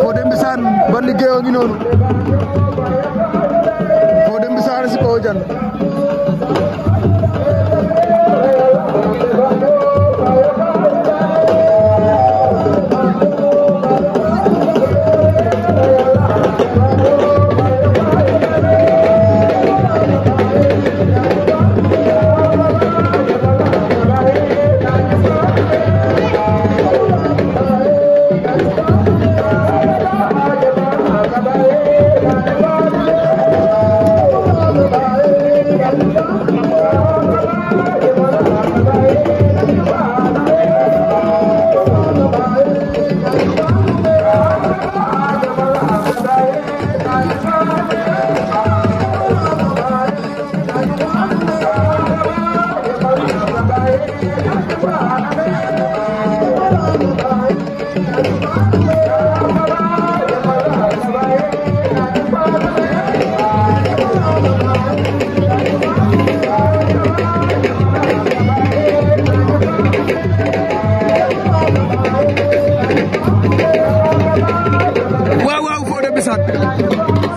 Fodé Mbissane ba liggéeyoo ngi noonu Fodé Mbissane si kaw Wow, wow, for the beside.